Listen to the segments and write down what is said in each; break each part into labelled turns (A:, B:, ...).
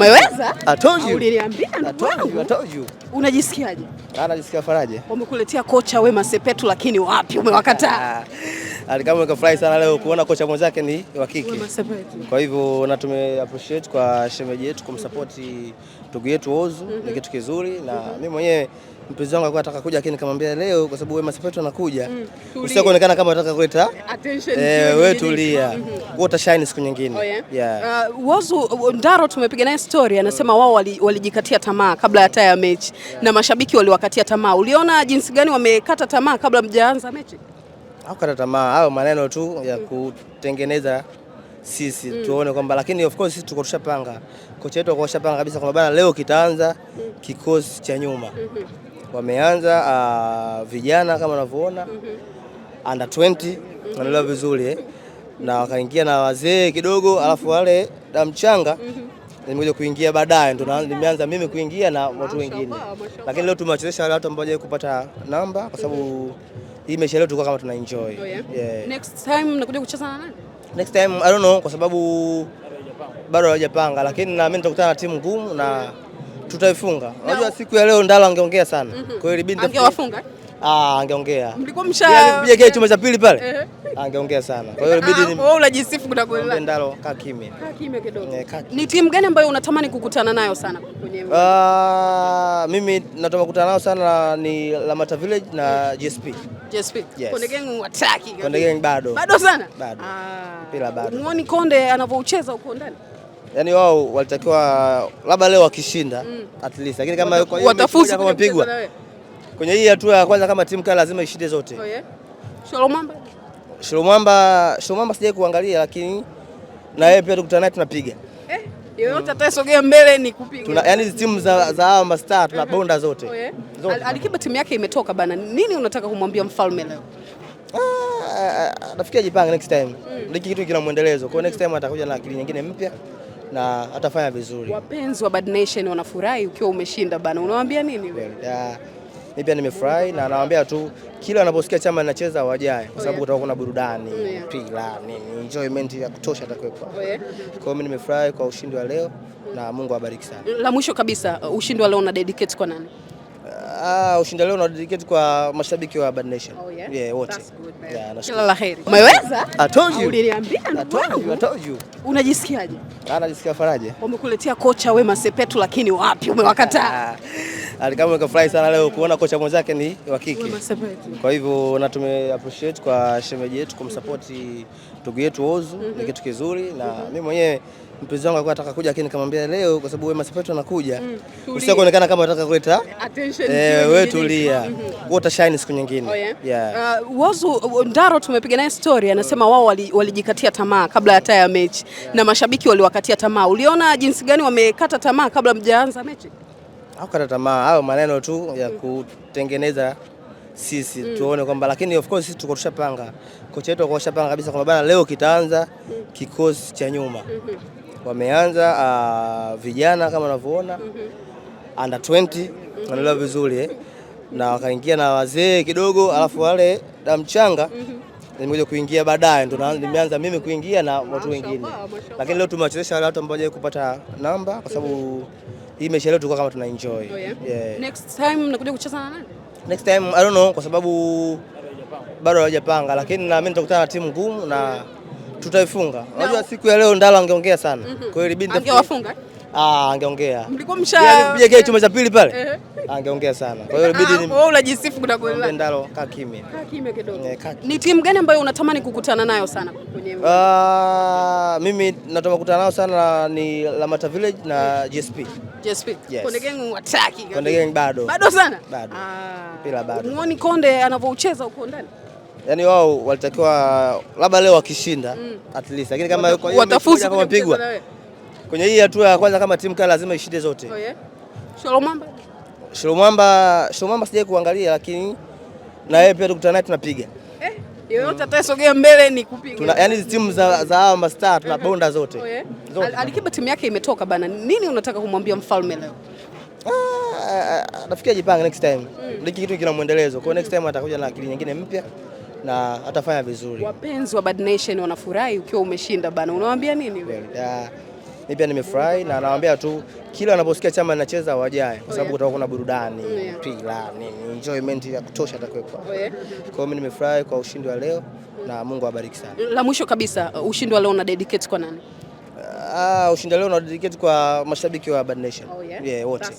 A: Umeweza? I told you. Uliniambia. I told you. I told you. Unajisikiaje?
B: Anajisikia faraje.
A: Wamekuletea kocha Wema Sepetu lakini wapi umewakataa. Ah
B: alikama nikafurahi sana leo kuona kocha mwenzake ni wa kike. Kwa hivyo na tume appreciate kwa shemeji yetu kumsupport ndugu yetu Ozu mm -hmm. Ni mhm. kitu kizuri na mimi mwenyewe mpenzi wangu alikuwa anataka kuja lakini nikamwambia leo kwa sababu Wema Sepetu anakuja mm, kuonekana kama unataka kuleta attention. Eh, wewe tulia, -hmm. utashine siku nyingine. oh, yeah. Yeah. Uh,
A: Ozu Ndaro tumepiga naye story anasema wao walijikatia wali tamaa kabla ya hata ya mechi yeah. Na mashabiki waliwakatia tamaa. Uliona jinsi gani wamekata tamaa kabla mjaanza mechi?
B: Hakukata tamaa, hayo maneno tu ya kutengeneza sisi mm. tuone kwamba, lakini of course sisi tuko tushapanga, kocha wetu akashapanga kabisa kwamba bana, leo kitaanza mm. kikosi cha nyuma mm -hmm. wameanza uh, vijana kama unavyoona mm -hmm. under 20 mm-hmm. wanaelewa mm -hmm. vizuri eh? na wakaingia na wazee kidogo mm -hmm. alafu wale da mchanga mm -hmm. Nimekuja kuingia baadaye, ndo mm-hmm. nimeanza mimi kuingia na watu wengine, lakini leo tumewachezesha wale watu ambao hawajawahi kupata namba kwa sababu mm -hmm hii mechi leo tulikuwa kama tuna enjoy. Oh, eh? yeah. Yeah. Next
A: time nakuja kucheza na nani?
B: Next time I don't know kwa sababu bado hawajapanga, lakini na mimi nitakutana na timu ngumu na tutaifunga. Unajua siku ya leo Ndala angeongea sana. Mm -hmm. Kwa hiyo ilibidi angewafunga. Ah, angeongea. Mlikuwa yaani msha. pia kile chuma cha pili pale. Uh -huh angeongea sana. Kwa hiyo ah, inabidi
A: ni wewe unajisifu kuna kutakuelewa.
B: Ndalo kaa kimya.
A: Kaa kimya kidogo. Eh, Ni timu gani ambayo unatamani kukutana nayo sana kwenye
B: Ah, mimi natamani kukutana nayo sana ni Lamata Village na JSP. JSP. Yes. Konde Gang wataki. Konde Gang bado. Bado sana? Bado.
A: Ah. Pila bado. Muone Konde anavyocheza huko ndani.
B: Yaani wao walitakiwa labda leo wakishinda mm. at least lakini kama kwa hiyo watafuzu kama pigwa. Kwenye hii hatua ya kwanza kama timu kali lazima ishinde zote.
A: Oh yeah. Shalomamba.
B: Shilomwamba, Shilomwamba sijai kuangalia, lakini na yeye pia tukutana naye tunapiga
A: eh, yoyote atasogea mbele ni kupiga.
B: Tuna, Yani timu za za hawa mastaa tunabonda uh-huh. zote, oh,
A: yeah. zote. Alikiba timu yake imetoka bana, nini unataka kumwambia mfalme leo?
B: Ah, ah nafikia jipange next time mm. Liki kitu kina mwendelezo kwa next time atakuja na akili nyingine mpya na atafanya vizuri.
A: Wapenzi wa Bad Nation wanafurahi ukiwa umeshinda bana, unawaambia nini
B: wewe? Ah, mimi pia nimefurahi na nawaambia tu kila wanaposikia chama anacheza wajae, kwa sababu oh, kutakuwa kuna burudani, oh, pila nini, enjoyment ya kutosha itakuwepo. Oh, kwa hiyo mimi nimefurahi kwa ushindi wa leo na Mungu awabariki sana.
A: La mwisho kabisa, ushindi wa leo una dedicate kwa nani?
B: Uh, ushindi leo na dedicate kwa mashabiki wa Bad Nation. Oh, yeah. Yeah, wote.
A: Yeah, na kila laheri. Umeweza? I told you. Uliniambia. I told you, I told you. Unajisikiaje?
B: Ah, najisikia faraja.
A: Wamekuletea kocha Wema Sepetu lakini wapi umewakataa. Ah.
B: Alikama yaani nikafurahi sana leo kuona kocha mwenzake ni wa kike. Kwa hivyo na tume appreciate kwa shemeji yetu kumsupport ndugu yetu Ozu mm -hmm. Ni mhm. kitu kizuri na mm -hmm. mimi mwenyewe mpenzi wangu alikuwa anataka kuja lakini nikamwambia leo kwa sababu Wema Sepetu anakuja mm. kuonekana kama unataka kuleta attention. Eh, wewe tulia. Mm -hmm. shine siku nyingine. Oh, yeah. Yeah.
A: Uh, Ozu Ndaro tumepiga naye story anasema wao walijikatia wali tamaa kabla hata ya mechi yeah. Na mashabiki waliwakatia tamaa. Uliona jinsi gani wamekata tamaa kabla mjaanza mechi?
B: hakukata tamaa, hayo maneno tu ya kutengeneza sisi mm. tuone kwamba, lakini of course sisi tuko tushapanga, kocha wetu akashapanga kabisa kwamba bana, leo kitaanza mm. kikosi cha nyuma mm -hmm. wameanza uh, vijana kama unavyoona mm -hmm. under 20 mm-hmm. wanaelewa mm -hmm. vizuri eh? na wakaingia na wazee kidogo mm -hmm. alafu wale da mchanga mm -hmm nimekuja kuingia baadaye, ndo nimeanza mimi kuingia na watu wengine, lakini leo tumewachezesha wale watu ambao kupata namba kwa sababu mm-hmm hii mechi leo tulikuwa kama tuna enjoy. Oh, yeah. Yeah. Next
A: time nakuja kucheza na nani?
B: Next time I don't know kwa sababu bado hawajapanga, lakini naamini tutakutana na timu ngumu na tutaifunga. Unajua siku ya leo Ndala angeongea sana. Mm -hmm. Kwa hiyo ilibidi
A: angewafunga.
B: Ah, angeongea.
A: Mlikuwa yaani msha
B: piga kile chuma cha pili pale? Eh. Ah, angeongea sana. Kwa hiyo ah, ibidi
A: ni wewe unajisifu kuna kweli.
B: Ndalo kaa kimya.
A: Kaa kimya kidogo. Eh, ni timu gani ambayo unatamani kukutana nayo sana kwenye?
B: Ah, mimi natamani kukutana nayo sana ni Lamata Village na JSP. JSP. Yes. Konde
A: Gang attack.
B: Konde Gang bado. Bado sana? Bado.
A: Ah. Pila bado. Muone Konde anavyocheza huko ndani.
B: Yaani wao walitakiwa labda leo wakishinda mm. at least lakini kama yuko
A: yeye watafuzwa
B: kupigwa kwenye hii hatua ya kwanza kama timu kaa lazima ishinde zote. Oh, yeah. Sholomamba Sholomamba sijai kuangalia, lakini na yeye pia tukutana naye tunapiga
A: eh, yoyote atasogea mbele ni kupiga.
B: Tuna yani timu za za hawa mastaa tunabonda mhm. zote.
A: Oh, yeah. Zote. Alikiba timu yake imetoka bana. Nini unataka kumwambia mfalme leo?
B: Ah, nafikia jipange next time. Mm. Hiki kitu kina mwendelezo. Kwa next time atakuja na akili nyingine mpya na atafanya vizuri.
A: Wapenzi wa Bad Nation wanafurahi ukiwa umeshinda bana. Unawaambia nini
B: wewe? Yeah mimi pia nimefurahi, na nawaambia tu kila anaposikia chama nacheza wajae, kwa sababu kutakuwa kuna burudani oh, pila nini, enjoyment ya kutosha itakuwepo. Oh, kwa hiyo mimi nimefurahi kwa ushindi wa leo na Mungu awabariki sana.
A: La mwisho kabisa, ushindi wa leo una dedicate kwa nani?
B: Uh, ushindi leo na dedicate kwa mashabiki wa Bad Nation. Oh, yeah. Yeah, wote.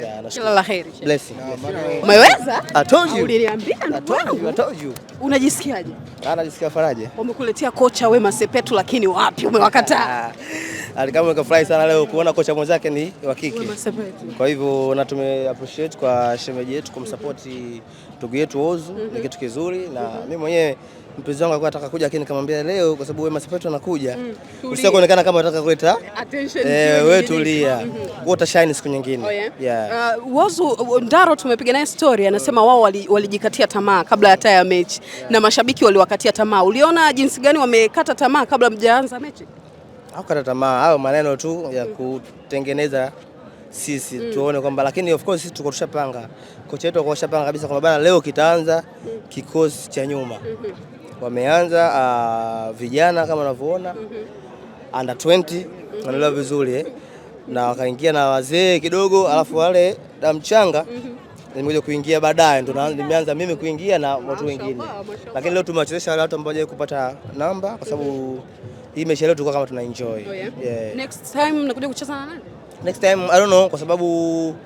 A: Yeah, kila la heri.
B: Blessing. Ah,
A: Umeweza? I told you. Uliniambia. I told you. I told you. Unajisikiaje?
B: Ah, najisikia faraja.
A: Wamekuletea kocha Wema Sepetu lakini wapi umewakataa.
B: Alikamwe yaani kafurahi sana leo kuona kocha mwenzake ni wa kike. Kwa hivyo na tume appreciate kwa shemeji yetu kumsupport ndugu yetu Ozu mm -hmm. Ni mhm. kitu kizuri na mm -hmm. Mimi mwenyewe mpenzi wangu alikuwa anataka kuja lakini nikamwambia leo kwa sababu Wema Sepetu anakuja mm. Usio kuonekana kama unataka kuleta attention. Eh, wewe tulia. Mm -hmm. Utashine siku nyingine. Oh, yeah. Yeah.
A: Uh, Ozu Ndaro tumepiga naye story anasema wao walijikatia wali tamaa kabla hata ya mechi yeah. Na mashabiki waliwakatia tamaa. Uliona jinsi gani wamekata tamaa kabla mjaanza mechi?
B: hakukata tamaa, hayo maneno tu ya kutengeneza sisi mm. tuone kwamba, lakini of course sisi tuko tushapanga, kocha wetu akashapanga kabisa kwamba bana, leo kitaanza mm. kikosi cha nyuma mm -hmm. wameanza uh, vijana kama unavyoona mm -hmm. under 20 mm-hmm. wanaelewa mm -hmm. vizuri eh? na wakaingia na wazee kidogo mm -hmm. alafu wale da mchanga mm -hmm nimekuja kuingia baadaye, ndo nimeanza mimi kuingia na watu wengine, lakini leo tumewachezesha wale watu ambao kupata namba kwa sababu mm -hmm hii mechi leo tulikuwa kama tuna enjoy. Oh, yeah. Yeah. Next
A: time nakuja kucheza na nani?
B: Next time I don't know kwa sababu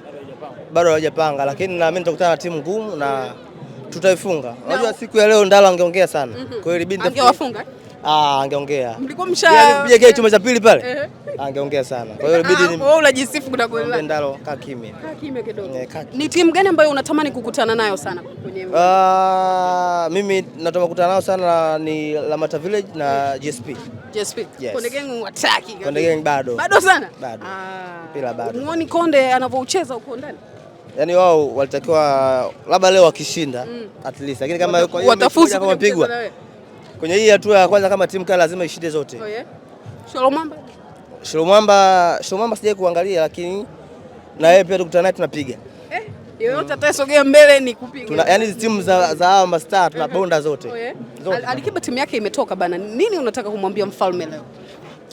B: bado hawajapanga, lakini naamini tutakutana na timu ngumu na tutaifunga. Unajua no. siku ya leo Ndala angeongea sana. Mm -hmm. Kwa hiyo ibidi angewafunga. Ah, angeongea. Mlikuwa msha Yaani kile chuma cha pili pale. Eh. Angeongea sana. Kwa hiyo ibidi ah,
A: ni wewe unajisifu kuna kweli.
B: Ndalo kaa kimya.
A: Kaa kimya kidogo. Eh, ni timu gani ambayo unatamani kukutana nayo sana kwenye?
B: Ah, mimi natamani kukutana nayo sana ni Lamata Village na GSP. Yes. Konde Gang wataki. Konde Gang bado. Bado sana? Bado.
A: Ah. Mpira bado. Muoni Konde anavyoucheza huko ndani?
B: Yaani wao walitakiwa labda leo wakishinda mm. at least lakini kama yuko
A: watafuzu
B: kama pigwa. Kwenye hii hatua ya kwanza kama timu kali lazima ishinde zote.
A: Oh yeah. Shalomamba.
B: Shalomamba, Shalomamba sijawahi kuangalia lakini na yeye pia tukutana naye tunapiga
A: yoyote atasogea mbele ni kupiga.
B: Yani timu za hawa mastaa tunabonda zote.
A: Alikiba timu yake imetoka bana, nini unataka kumwambia mfalme leo?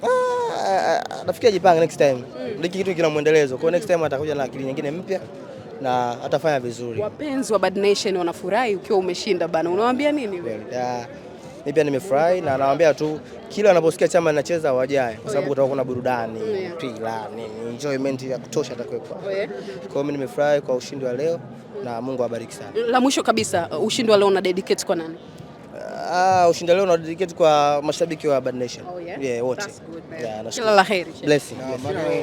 B: Ah, Nafikiri ajipange next time, mm. hiki kitu kina mwendelezo, kwa next time atakuja na akili nyingine mpya na atafanya vizuri.
A: Wapenzi wa Bad Nation wanafurahi ukiwa umeshinda bana, unawaambia nini
B: wewe? Ah mimi pia nimefurahi, na nawaambia tu kila anaposikia chama nacheza wajae, kwa sababu kutakuwa kuna burudani oh, pila nini, enjoyment ya kutosha itakuwepo. Oh, kwa hiyo mimi nimefurahi kwa ushindi wa leo na Mungu awabariki sana.
A: La mwisho kabisa, ushindi wa leo una dedicate kwa nani?
B: Uh, ushindi leo na dedicate kwa mashabiki wa Bad Nation. Oh, yeah. Yeah, wote.
A: Kila la heri.
B: Blessing. Ah,